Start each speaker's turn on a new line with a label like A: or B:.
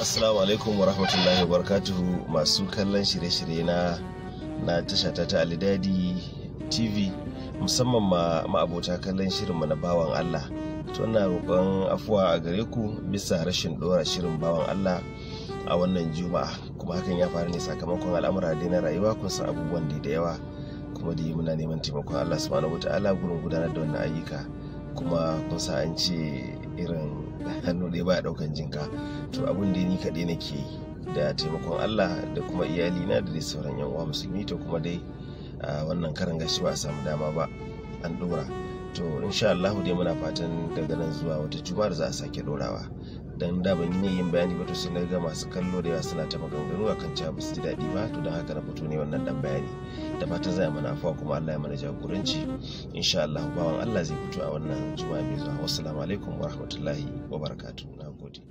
A: assalamu alaikum wa rahmatullahi wa barakatuhu masu kallon shirye-shirye na na tasha ta ta alidadi tv musamman ma ma'abota kallon shirinmu na bawan allah to na roƙon afuwa a gare ku bisa rashin ɗora shirin bawan allah a wannan juma'a kuma hakan ya faru ne sakamakon al'amura dai na rayuwa kun san abubuwan da da yawa kuma da muna neman taimakon allah subhanahu wataala gurin gudanar da wannan ayyuka kuma kun sa an ce irin hannu ɗaya ba ɗaukan jinka to abin da ni kaɗai nake yi da taimakon allah da kuma na da dai sauran yan uwa musulmi to kuma dai wannan karan gashi ba a samu dama ba an ɗora to insha allah dai muna fatan daga nan zuwa wata da za a sake ɗorawa dan da ban yi yin bayani ba to sai na ga masu kallo da yawa suna ta maganganu a kan cewa su ji daɗi ba to don haka na fito ne wannan dan bayani da fatan za a mana afuwa kuma Allah ya mana jagoranci insha Allah bawan Allah zai fito a wannan juma'a mai zuwa wasu alaikum wa rahmatullahi wa barakatu na gode